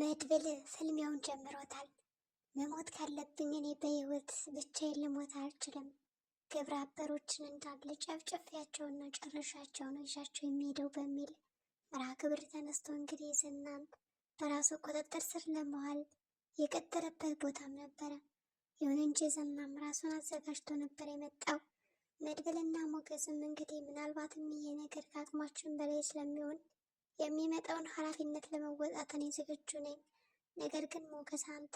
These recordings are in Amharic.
መድብል ፍልሚያውን ጀምሮታል። መሞት ካለብኝ እኔ በህይወት ብቻዬን ልሞት አልችልም። ግብረ አበሮችን እንዳለ ጨፍጨፊያቸውና ጨረሻቸውን ይዣቸው የሚሄደው በሚል መርሃ ግብር ተነስቶ እንግዲህ ዝናም በራሱ ቁጥጥር ስር ለመዋል የቀጠረበት ቦታም ነበረ። ይሁን እንጂ ዝናም ራሱን አዘጋጅቶ ነበር የመጣው። መድብልና ሞገዝም እንግዲህ ምናልባትም ይሄ ነገር ከአቅማችን በላይ ስለሚሆን የሚመጣውን ኃላፊነት ለመወጣት እኔ ዝግጁ ነኝ። ነገር ግን ሞገስ፣ አንተ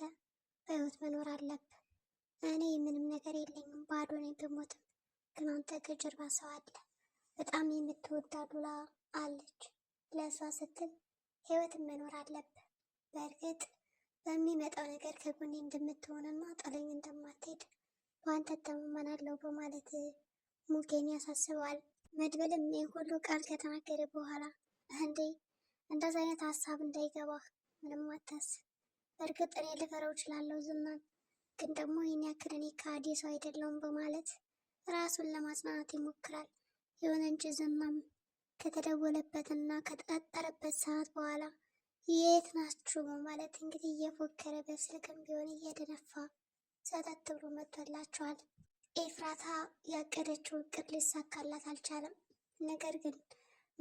በህይወት መኖር አለብህ። እኔ ምንም ነገር የለኝም፣ ባዶ ነኝ። ብሞትም ግን አንተ ከጀርባ ሰው አለ። በጣም የምትወዳ ሉላ አለች። ለእሷ ስትል ህይወትን መኖር አለብ በእርግጥ በሚመጣው ነገር ከጎኔ እንደምትሆንና ጥለኝ እንደማትሄድ በአንተ እተማመናለሁ በማለት ሙጌን ያሳስበዋል። መድበልም ይህ ሁሉ ቃል ከተናገረ በኋላ እንዴ እንደዚ አይነት ሀሳብ እንዳይገባህ ምንም አታስ እርግጥ እኔ ልፈረው እችላለሁ ዝናን፣ ግን ደግሞ ይህን ያክል እኔ ከአዲ ሰው አይደለውም በማለት ራሱን ለማጽናናት ይሞክራል። ይሁን እንጂ ዝናም ከተደወለበትና ከተቀጠረበት ሰዓት በኋላ የት ናችሁ በማለት እንግዲህ እየፎከረ በስልክም ቢሆን እየደነፋ ሰጠት ብሎ መጥቶላቸዋል። ኤፍራታ ያቀደችው እቅድ ሊሳካላት አልቻለም። ነገር ግን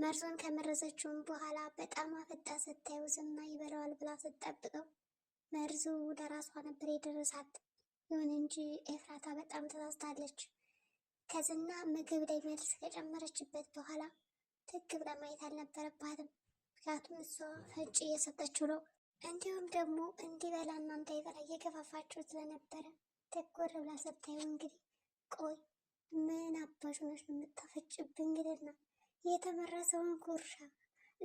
መርዞን ከመረዘችውም በኋላ በጣም አፈጣ ስታየው ዝና ይበላዋል ብላ ስትጠብቀው መርዙ ለራሷ ነበር የደረሳት። ይሁን እንጂ ኤፍራታ በጣም ተሳስታለች። ከዝና ምግብ ላይ መርዝ ከጨመረችበት በኋላ ትክ ብላ ማየት አልነበረባትም። ምክንያቱም እሷ ፈጭ እየሰጠችው ነው። እንዲሁም ደግሞ እንዲበላ እና እንዳይበላ እየገፋፋችው ስለነበረ ትኩር ብላ ስታየው እንግዲህ ቆይ ምን አባሽ ነሽ የምታፈጭብኝ ግልና የተመረሰውን ጉርሻ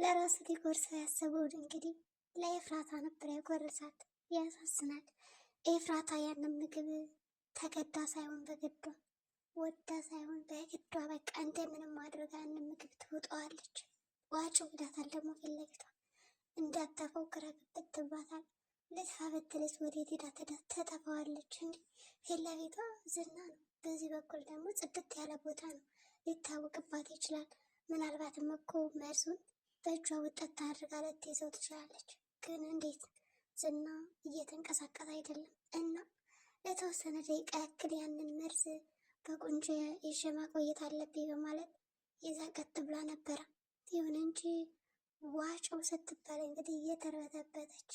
ለራሱ ሊጎርሰው ያሰበው እንግዲህ ለኤፍራታ ነበር ያጎረሳት። ያሳዝናል። ኤፍራታ ያንን ምግብ ተገዳ ሳይሆን በግዷ ወዳ ሳይሆን በግዷ በቃ እንደምንም አድርጋ ያንን ምግብ ትውጠዋለች። ዋጭ ብላታል። ደግሞ ፊት ለፊቷ እንዳጠፈው ግራ ትባታል። ልጥፋ ብትልስ ወዴት ሄዳ ተጠፋዋለች። እንዲህ ፊት ለፊቷ ዝና ነው። በዚህ በኩል ደግሞ ጽድት ያለ ቦታ ነው። ሊታወቅባት ይችላል። ምናልባትም እኮ መርሱን በእጇ ውጠት ታድርጋ ልትይዘው ትችላለች። ግን እንዴት? ዝና እየተንቀሳቀሰ አይደለም እና ለተወሰነ ደቂቃ ያክል ያንን መርዝ በቁንጆ ይዤ ማቆየት አለብኝ በማለት ይዛ ቀጥ ብላ ነበረ። ይሁን እንጂ ዋጮው ስትባል እንግዲህ እየተረተበተች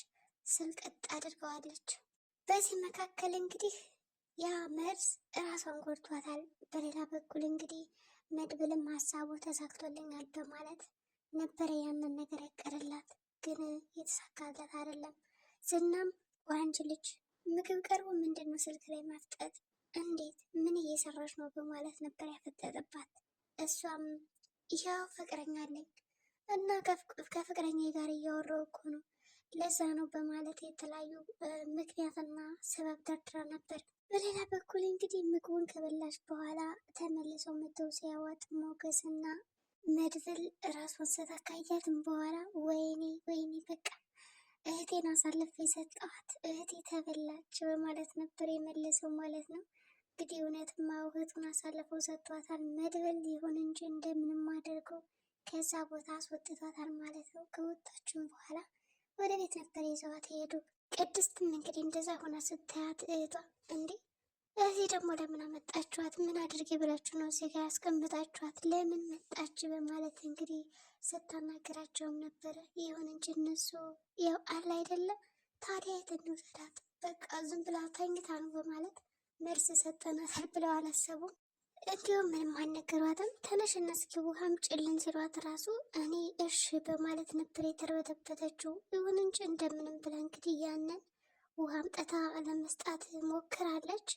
ስልቅጥ አድርገዋለች። በዚህ መካከል እንግዲህ ያ መርዝ እራሷን ጎድቷታል። በሌላ በኩል እንግዲህ መድብልም ሀሳቡ ተሳክቶልኛል በማለት ነበረ ያንን ነገር ያቀረላት፣ ግን የተሳካለት አይደለም። ዝናም ወንጅ ልጅ ምግብ ቀርቦ ምንድን ነው ስልክ ላይ ማፍጠጥ? እንዴት ምን እየሰራች ነው? በማለት ነበር ያፈጠጠባት። እሷም ይኸው ፍቅረኛ አለኝ እና ከፍቅረኛ ጋር እያወራሁ እኮ ነው ለዛ ነው በማለት የተለያዩ ምክንያትና ሰበብ ደርድራ ነበር። በሌላ በኩል እንግዲህ ምግቡን ከበላሽ በኋላ ተመልሰው መተው ሲያዋጥ ሞገስ እና መድብል ራሱን ስታ ካያትም በኋላ ወይኔ ወይኔ በቃ እህቴን አሳልፍ የሰጠዋት እህቴ ተበላች በማለት ነበር የመለሰው ማለት ነው። እንግዲህ እውነትማ እህቱን አሳልፈው ሰጥቷታል። መድብል ሊሆን እንጂ እንደምንም አድርገው ከዛ ቦታ አስወጥቷታል ማለት ነው። ከወጣችም በኋላ ወደ ቤት ነበር ይዘዋት ሄዱ። ቅድስትም እንግዲህ እንደዛ ሆና ስታያት እህቷ እንዴ እዚህ ደግሞ ለምን አመጣችኋት? ምን አድርጌ ብላችሁ ነው እዚህ ጋር ያስቀምጣችኋት? ለምን መጣች? በማለት እንግዲህ ስታናገራቸውም ነበረ። ይሁን እንጂ እነሱ ያው አለ አይደለም ታዲያ የተንወሰዳት በቃ ዝም ብላ ተኝታ ነው በማለት መልስ ሰጠናታል ብለው አላሰቡም። እንዲሁም ምንም አልነገሯትም። ተነሽና እስኪ ውሃም ጭልን ሲሏት ራሱ እኔ እሺ በማለት ነበር የተርበተበተችው። ይሁን እንጂ እንደምንም ብላ እንግዲህ ያንን ውሃም ጠታ ለመስጣት ሞክራለች።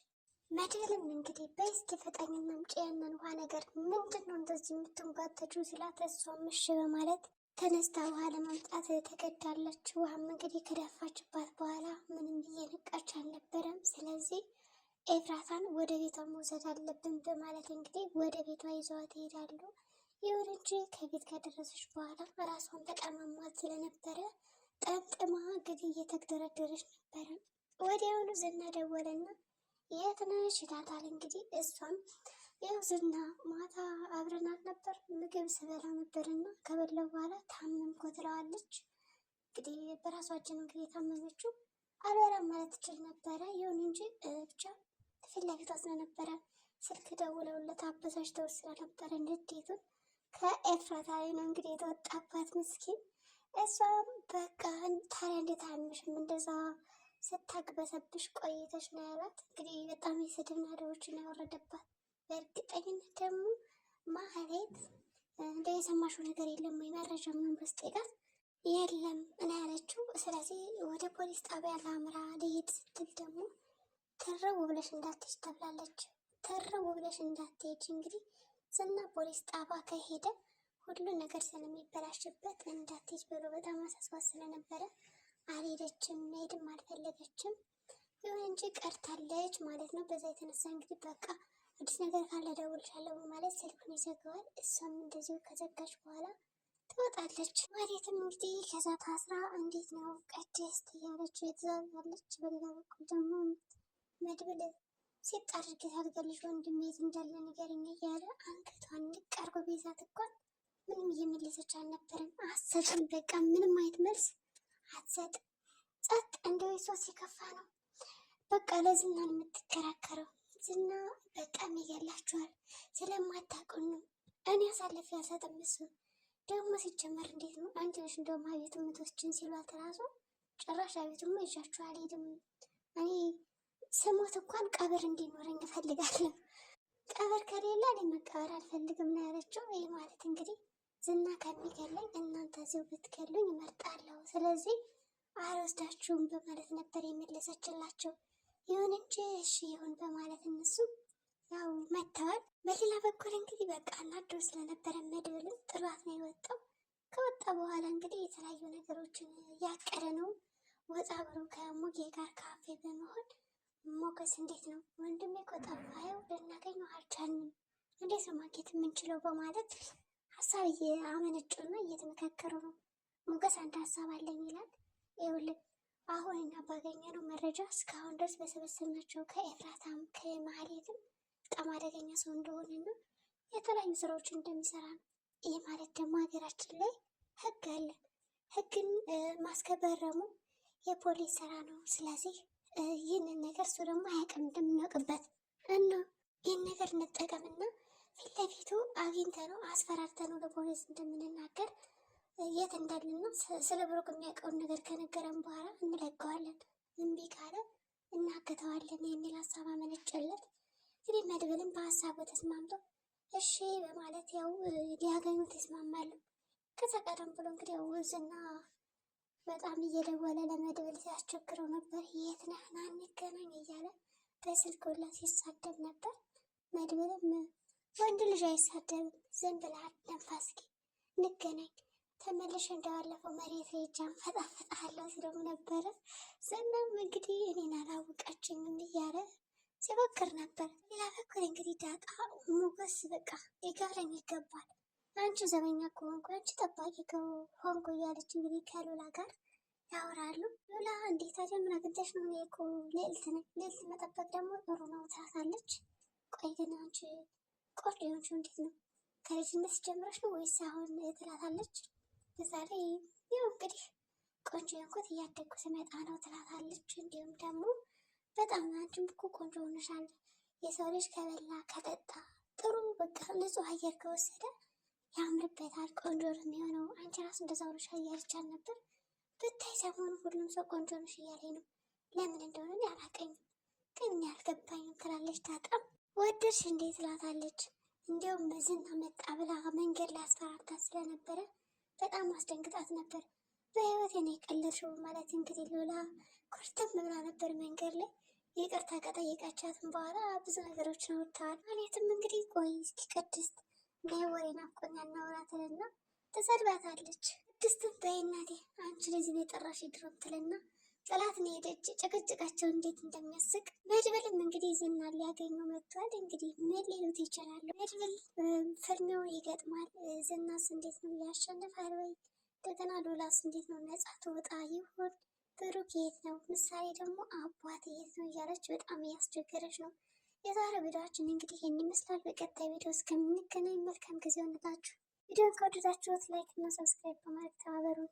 መድብልም እንግዲህ በስቲ ፈጣኝ ማምጪ ያንን ውሃ ነገር ምንድን ነው እንደዚህ የምትንጓተችው ሲላት እሷም እሺ በማለት ተነስታ ውሃ ለማምጣት ተገዳለች። ውሃም እንግዲህ ከደፋችባት በኋላ ምንም እየነቃች አልነበረም። ስለዚህ ኤፍራታን ወደ ቤቷ መውሰድ አለብን በማለት እንግዲህ ወደ ቤቷ ይዘዋት ይሄዳሉ። ይሁን እንጂ ከቤት ከደረሰች በኋላ ራሷን ተቀማማት ስለነበረ ጠምጥማ እንግዲህ እየተግደረደረች ነበረ። ወዲያውኑ ዝና ደወለና የት ነሽ ይላታል። እንግዲህ እሷም ያው ዝና ማታ አብረን ነበር ምግብ ስበላ ነበርና ከበላው በኋላ ታመምኩ ትለዋለች። እንግዲህ በራሷችን እንግዲህ የታመመችው አልበላም ማለት ትችል ነበረ። ይሁን እንጂ ብቻ ፊት ለፊቷ ስለነበረ ስልክ ደውለውለት አበሳጭተው ስለነበረ ንዴቱን ከኤፍራታ ላይ ነው እንግዲህ የተወጣባት ምስኪን። እሷም በቃ ታዲያ እንዴት አያምሽም እንደዛ ስታግበሰብሽ ቆይተሽ ነው ያላት። እንግዲህ በጣም የስድብ ናዳዎችን ያወረደባት። በእርግጠኝነት ደግሞ ማህሌት እንደ የሰማሽው ነገር የለም ወይ መረጃ ምንም በስጤቃት የለም እና ያለችው። ስለዚህ ወደ ፖሊስ ጣቢያ ለአምራ ልሂድ ስትል ደግሞ ተረቡ ብለሽ እንዳትሄጅ ተብላለች። ተረቡ ብለሽ እንዳትሄጅ እንግዲህ ዝና ፖሊስ ጣባ ከሄደ ሁሉ ነገር ስለሚበላሽበት እንዳትሄጅ ብሎ በጣም አሳስባት ስለነበረ አልሄደችም፣ መሄድም አልፈለገችም። ይሁን እንጂ ቀርታለች ማለት ነው። በዛ የተነሳ እንግዲህ በቃ አዲስ ነገር ካለ እደውልልሻለሁ ማለት ስልኩን ይዘጋዋል። እሷም እንደዚሁ ከዘጋች በኋላ ትወጣለች። ማለትም እንግዲህ ከዛ ታስራ እንዴት ነው ቀደስ እያለች የተዛዛለች። በሌላ በኩል ደግሞ መድብል ሴት አድርገህ ወንድም የት እንዳለ ንገረኝ እያለ አንገቷን ንቅ ቤዛት እኮን ምንም እየመለሰች አልነበረም። አትሰጥም፣ በቃ ምንም አይነት መልስ አትሰጥ። ጸጥ እንደ የሷስ ሲከፋ ነው። በቃ ለዝናን የምትከራከረው ዝና በጣም ይገላችኋል፣ ስለማታውቀው ነው። እኔ አሳልፌ አልሰጥም። እሱ ደግሞ ሲጀመር እንዴት ነው አንቺ ነሽ እንደውም አቤት ምቶችን ሲሏት ራሱ ጭራሽ አቤቱማ ይዣችኋል ሄድም እኔ ስሞት እንኳን ቀብር እንዲኖረኝ እፈልጋለሁ። ቀብር ከሌለ እኔ መቀበር አልፈልግም ነው ያለችው። ይህ ማለት እንግዲህ ዝና ከሚገለኝ እናንተ እዚሁ ብትገሉኝ እመርጣለሁ፣ ስለዚህ አልወስዳችሁም በማለት ነበር የመለሰችላቸው። ይሁን እንጂ እሺ ይሁን በማለት እነሱ ያው መጥተዋል። በሌላ በኩል እንግዲህ በቃ እናዶ ስለነበረ መድብልም ጥሏት ነው የወጣው። ከወጣ በኋላ እንግዲህ የተለያዩ ነገሮችን ያቀደ ነው ወጣ ብሎ ከሙጌ ጋር ካፌ በመሆን ሞገስ እንዴት ነው ወንድሜ? እኮ ጠፋኸው፣ ልናገኘው አልቻልንም። እንዴት ነው ማግኘት የምንችለው? በማለት ሀሳብ እየአመነጩና እየተመካከሩ ነው። ሞገስ አንድ ሀሳብ አለኝ ይላል። ይኸውልህ አሁን እና ባገኘነው መረጃ እስካሁን ድረስ በሰበሰብናቸው ከኤፍራታም ከማህሌትም በጣም አደገኛ ሰው እንደሆነና የተለያዩ ስራዎች እንደሚሰራ ነው። ይህ ማለት ደግሞ ሀገራችን ላይ ህግ አለ። ህግን ማስከበር ደግሞ የፖሊስ ስራ ነው። ስለዚህ ይህንን ነገር እሱ ደግሞ አያውቅም እንደምናውቅበት እና ይህን ነገር እንጠቀምና ፊት ለፊቱ አግኝተ ነው አስፈራርተ ነው ለፖሊስ እንደምንናገር የት እንዳለና ስለ ብሩክ የሚያውቀውን ነገር ከነገረን በኋላ እንለቀዋለን። እምቢ ካለ እናገተዋለን የሚል ሀሳብ አመነጨለት። እንግዲህ መድብልም በሀሳቡ ተስማምቶ እሺ በማለት ያው ሊያገኙት ይስማማሉ። ከዛ ቀደም ብሎ እንግዲህ ውዝና በጣም እየደወለ ለመደወል ሲያስቸግረው ነበር። የት ነህ ና እንገናኝ እያለ በስልክ ሁላ ሲሳደብ ነበር። መድብልም ወንድ ልጅ አይሳደብም፣ ዝም ብለህ አትነፋ፣ እስኪ እንገናኝ፣ ተመልሼ እንደባለፈው መሬት ላይ እጃን ፈጣፈጣለሁ ሲለው ነበረ። ዝናም እንግዲህ እኔን አላወቃችኝም እያለ ሲሞክር ነበር። ሌላ በኩል እንግዲህ ዳጣ ሞገስ በቃ ሊገብረኝ ይገባል አንቺ ዘበኛ ከሆንኩ አንቺ ጠባቂ ከሆንኩ እያለች እንግዲህ ከሉላ ጋር ያወራሉ። ሉላ እንዴት ታዲያ ምን አግኝተሽ ነው? እኔ እኮ ልዕልት ነኝ፣ ልዕልት መጠበቅ ደግሞ ጥሩ ነው ትላታለች። ቆይ ግን አንቺ ቆንጆ የሆንሽው እንዴት ነው? ከልጅነት ጀምረሽ ነው ወይስ አሁን? ትላታለች። እዛ ላይ እንግዲህ ቆንጆ የሆንኩት እያደግኩ ስመጣ ነው ትላታለች። እንዲሁም ደግሞ በጣም አንቺም እኮ ቆንጆ ሆነሻል። የሰው ልጅ ከበላ ከጠጣ ጥሩ በቃ ንጹህ አየር ከወሰደ ያምርበታል፣ ቆንጆ ነው የሚሆነው። አንቺ ራስ እንደዛ ሆነሽ እያለቻት ነበር። ብታይ ሰሞኑ ሁሉም ሰው ቆንጆ ነሽ እያለኝ ነው። ለምን እንደሆነ አላውቅም፣ ግን አልገባኝም ትላለች። ታጣም ወደድሽ እንዴ ትላታለች። እንዲያውም በዝና መጣ ብላ መንገድ ላይ አስፈራርታት ስለነበረ በጣም አስደንግጣት ነበር። በህይወት እኔ የቀለድሽው ማለት እንግዲህ ሎላ ኮርተም ብላ ነበር መንገድ ላይ ይቅርታ ከጠየቀቻትን በኋላ ብዙ ነገሮችን አውርተዋል። ማለትም እንግዲህ ቆይ እስኪ ቅድስት ናይ ወሬ ናፍቆኛ እናውራ ትለና ትሰድባታለች። ቅድስትን በይ እናቴ አንቺ ልጅ ነው የጠራሽ ድሮም ትለና ጥላት ነው የሄደች። ጭቅጭቃቸው እንዴት እንደሚያስቅ መድብልም እንግዲህ ዝና ሊያገኘው መጥቷል። እንግዲህ ምን ሊሉት ይችላሉ? መድብል ፍልሚያው ይገጥማል። ዝናስ እንዴት ነው ያሸንፋል ወይ? እንደገና ሉላስ እንዴት ነው ነጻ ትወጣ ይሆን? ብሩክ የት ነው? ምሳሌ ደግሞ አባት የት ነው እያለች በጣም እያስቸገረች ነው። የዛሬ ቪዲዮችን እንግዲህ ይህን ይመስላል። በቀጣይ ቪዲዮ እስከምንገናኝ መልካም ጊዜ ሆነታችሁ። ቪዲዮን ከወደዳችሁት ላይክ እና ሰብስክራይብ በማድረግ ተባበሩ።